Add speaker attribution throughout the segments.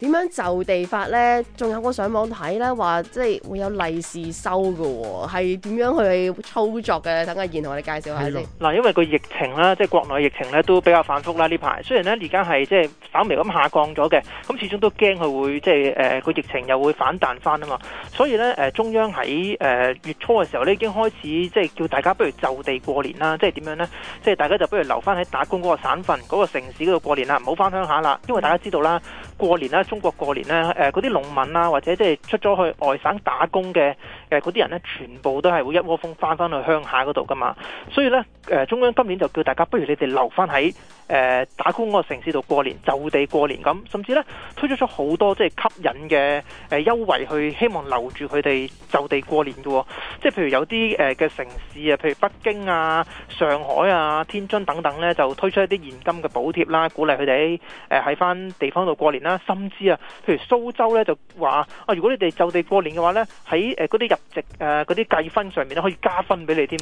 Speaker 1: 點樣就地法呢？仲有我上網睇呢，話即係會有利是收嘅，係點樣去操作嘅？等阿賢同我哋介紹下先。
Speaker 2: 嗱，因為個疫情啦，即係國內疫情咧都比較反覆啦。呢排雖然呢，而家係即係稍微咁下降咗嘅，咁始終都驚佢會即係誒個疫情又會反彈翻啊嘛。所以呢，誒中央喺誒月初嘅時候呢已經開始即係叫大家不如就地過年啦，即係點樣呢？即係大家就不如留翻喺打工嗰個省份嗰個城市嗰度過年啦，唔好翻鄉下啦，因為大家知道啦。過年啦，中國過年啦，誒嗰啲農民啦、啊，或者即係出咗去外省打工嘅誒嗰啲人咧，全部都係會一窩蜂翻返去鄉下嗰度噶嘛，所以咧誒、呃、中央今年就叫大家，不如你哋留翻喺誒、呃、打工嗰個城市度過年，就地過年咁，甚至呢推出咗好多即係吸引嘅誒、呃、優惠，去希望留住佢哋就地過年嘅喎、哦。即係譬如有啲誒嘅城市啊，譬如北京啊、上海啊、天津等等呢，就推出一啲現金嘅補貼啦，鼓勵佢哋喺翻地方度過年啦。甚至啊，譬如蘇州呢，就話啊，如果你哋就地過年嘅話呢，喺嗰啲入籍誒嗰啲計分上面呢可以加分俾你添，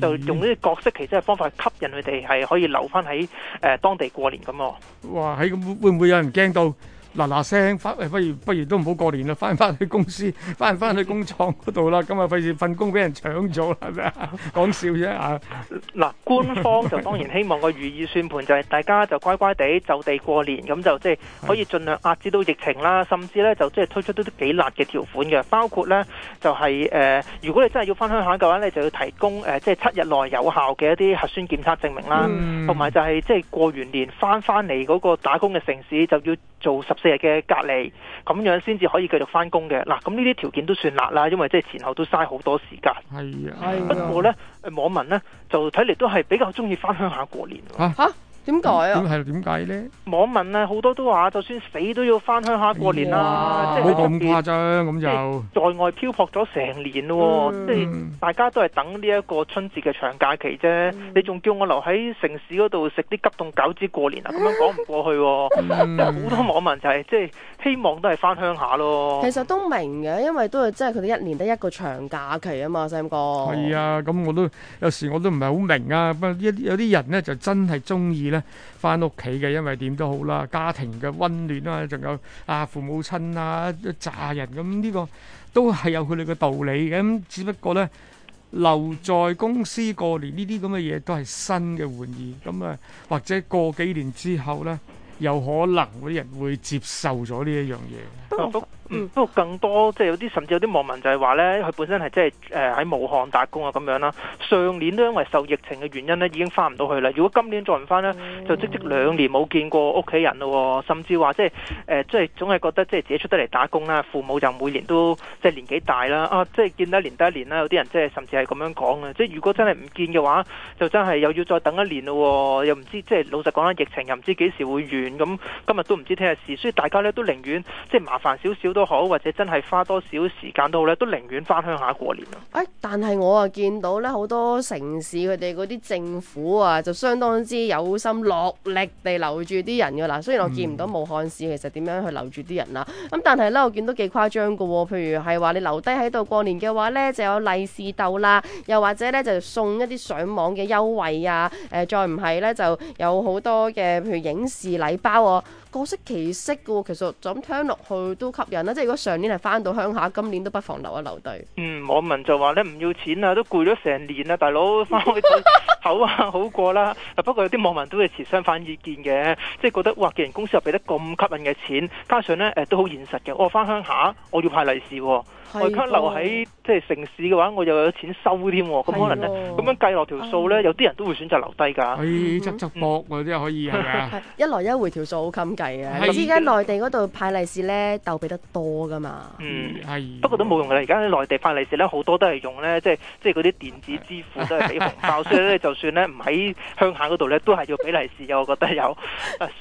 Speaker 2: 就用呢啲角色，其實係方法去吸引佢哋係可以留翻喺、呃誒，當地過年咁喎，哇！喺咁會唔會有人驚到？嗱嗱聲，翻不如不如都唔好過年啦，翻翻去公司，翻翻去工廠嗰度啦，咁啊費事份工俾人搶咗，係咪啊？講笑啫啊！嗱，官方就當然希望個如意算盤就係大家就乖乖地就地過年，咁就即係可以盡量壓制到疫情啦，甚至咧就即係推出都啲幾辣嘅條款嘅，包括咧就係、是、誒、呃，如果你真係要翻鄉下嘅話，你就要提供誒即係七日內有效嘅一啲核酸檢測證明啦，同埋、嗯、就係即係過完年翻翻嚟嗰個打工嘅城市就要。做十四日嘅隔離，咁樣先至可以繼續返工嘅。嗱，咁呢啲條件都算辣啦，因為即係前後都嘥好多時間。係啊，不過呢，網民呢就睇嚟都係比較中意返鄉下過年。啊
Speaker 1: 點解啊？咁係點解咧？
Speaker 2: 網民咧好多都話，就算死都要翻鄉下過年啦！即係冇咁誇
Speaker 1: 張咁就，
Speaker 2: 在外漂泊咗成年咯，即係大家都係等呢一個春節嘅長假期啫。你仲叫我留喺城市嗰度食啲急凍餃子過年啊？咁樣講唔過去喎。好多網民就係即係希望都係翻鄉下咯。其實
Speaker 1: 都明嘅，因為都係即係佢哋一年得一個長假期啊嘛，細音哥。係
Speaker 2: 啊，咁我都有時我都唔係好明啊，不過一有啲人咧就真係中意咧。翻屋企嘅，因為點都好啦，家庭嘅溫暖啊，仲有啊父母親啊，一家人咁呢個都係有佢哋嘅道理嘅。咁只不過呢，留在公司過年呢啲咁嘅嘢都係新嘅玩意。咁啊，或者過幾年之後呢，有可能嗰啲人會接受咗呢一樣嘢。嗯嗯，不過更多即係有啲甚至有啲網民就係話呢，佢本身係即係誒喺武漢打工啊咁樣啦。上年都因為受疫情嘅原因呢，已經翻唔到去啦。如果今年再唔翻呢就即即兩年冇見過屋企人咯。甚至話即係誒，即係總係覺得即係自己出得嚟打工啦，父母就每年都即係年紀大啦，啊，即係見得一年得一年啦。有啲人即係甚至係咁樣講啊。即係如果真係唔見嘅話，就真係又要再等一年咯。又唔知即係老實講啦，疫情又唔知幾時會完，咁今日都唔知聽日事，所以大家呢都寧願即係麻煩少少都好，或者真係花多少時間都好咧，都寧願翻鄉下過
Speaker 1: 年。但係我啊見到咧，好多城市佢哋嗰啲政府啊，就相當之有心落力地留住啲人噶啦。雖然我見唔到武漢市其實點樣去留住啲人啦，咁、嗯、但係咧我見到幾誇張噶。譬如係話你留低喺度過年嘅話呢，就有利是斗啦，又或者呢，就送一啲上網嘅優惠啊，誒，再唔係呢，就有好多嘅譬如影視禮包各色其色嘅喎，其實就咁聽落去都吸引啦。即係如果上年係翻到鄉下，今年都不妨留一留低。嗯，
Speaker 2: 網民就話咧唔要錢 啊，都攰咗成年啦，大佬翻去好啊好過啦。不過有啲網民都會持相反意見嘅，即係覺得哇，既然公司又俾得咁吸引嘅錢，加上咧誒都好現實嘅，我翻鄉下我要派利是喎。外卡留喺即係城市嘅話，我又有錢收添喎。咁可能咧，咁樣計落條數咧，有啲人都會選擇留低㗎。一
Speaker 1: 來一回條數好襟計啊！依家內地嗰度派利是咧，鬥俾得多㗎嘛。嗯，
Speaker 2: 係。不過都冇用㗎啦，而家啲內地派利是咧，好多都係用咧，即係即係嗰啲電子支付都係俾紅包，所以咧，就算咧唔喺鄉下嗰度咧，都係要俾利是嘅。我覺得有。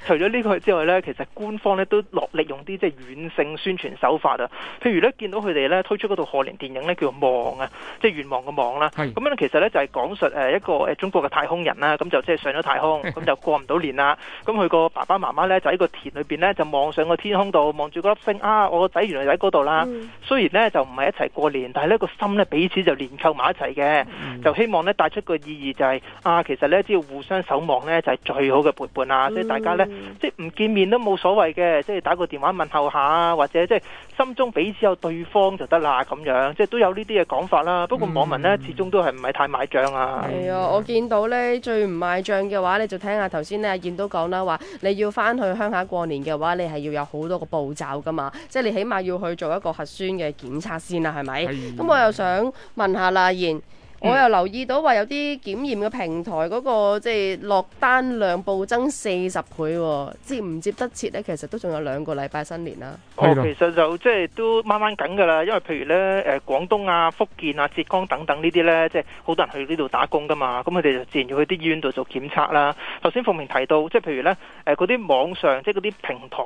Speaker 2: 除咗呢個之外咧，其實官方咧都落力用啲即係軟性宣傳手法啊。譬如咧，見到佢哋咧。推出嗰套賀年電影呢，叫《望》啊，即係願望嘅望啦。咁樣咧，是其實呢，就係講述誒一個誒中國嘅太空人啦，咁就即係上咗太空，咁就過唔到年啦。咁佢個爸爸媽媽呢，就喺個田裏邊呢，就望上個天空度，望住嗰粒星啊。我個仔原來就喺嗰度啦。嗯、雖然呢，就唔係一齊過年，但係呢、那個心呢，彼此就連扣埋一齊嘅，就希望呢，帶出個意義就係、是、啊，其實呢，只要互相守望呢，就係最好嘅陪伴啦。即係、嗯、大家呢，即係唔見面都冇所謂嘅，即、就、係、是、打個電話問候下或者即係心中彼此有對方就。得啦，咁樣即係都有呢啲嘅講法啦。不過網民呢，嗯、始終都係唔係太買賬啊。係啊，我
Speaker 1: 見到呢，最唔買賬嘅話，你就聽下頭先呢阿燕都講啦，話你要翻去鄉下過年嘅話，你係要有好多個步驟噶嘛。即係你起碼要去做一個核酸嘅檢測先啦，係咪？咁的我又想問下啦，阿燕。我又留意到話有啲檢驗嘅平台嗰個即係落單量暴增四十倍喎、哦，接唔接得切咧？其實都仲有兩個禮拜新年啦。
Speaker 2: 哦的，我其實就即係都掹掹緊㗎啦，因為譬如咧誒廣東啊、福建啊、浙江等等呢啲咧，即係好多人去呢度打工㗎嘛，咁佢哋就自然要去啲醫院度做檢測啦。頭先鳳明提到，即係譬如咧嗰啲網上即係嗰啲平台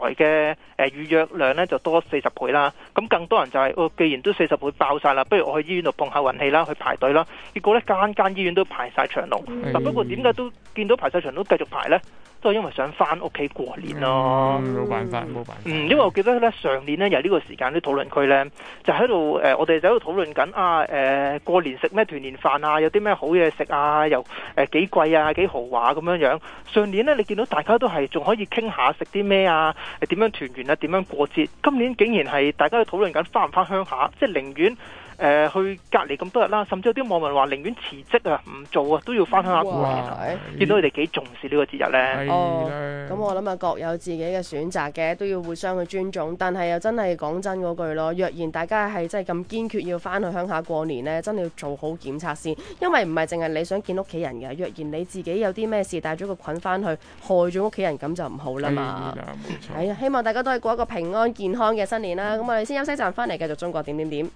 Speaker 2: 嘅誒預約量咧就多四十倍啦，咁更多人就係，哦，既然都四十倍爆晒啦，不如我去醫院度碰下運氣啦，去排隊啦。結果咧，間間醫院都排晒長龍。嗱、嗯，不過點解都見到排曬長龍繼續排呢？都係因為想翻屋企過年咯、啊。冇、嗯、辦法，冇辦法。嗯，因為我記得咧，上年咧由呢個時間啲討論區呢，就喺度誒，我哋就喺度討論緊啊誒、呃，過年食咩團年飯啊，有啲咩好嘢食啊，又誒幾、呃、貴啊，幾豪華咁、啊、樣樣。上年呢，你見到大家都係仲可以傾下食啲咩啊，點樣團圓啊，點樣過節。今年竟然係大家都討論緊翻唔翻鄉下，即係寧願。誒、呃，去隔離咁多日啦、啊，甚至有啲網民話寧願辭職啊，唔做啊，都要翻鄉下過年、啊。哇見到佢哋幾重視呢個節日呢？咁、
Speaker 1: 哦、我諗啊，各有自己嘅選擇嘅，都要互相去尊重。但係又真係講真嗰句咯，若然大家係真係咁堅決要翻去鄉下過年呢，真要做好檢測先，因為唔係淨係你想見屋企人嘅。若然你自己有啲咩事帶咗個菌翻去害咗屋企人，咁就唔好啦嘛。係啊、冇錯。哎呀，希望大家都係過一個平安健康嘅新年啦。咁我哋先休息一陣，翻嚟繼續中國點點點。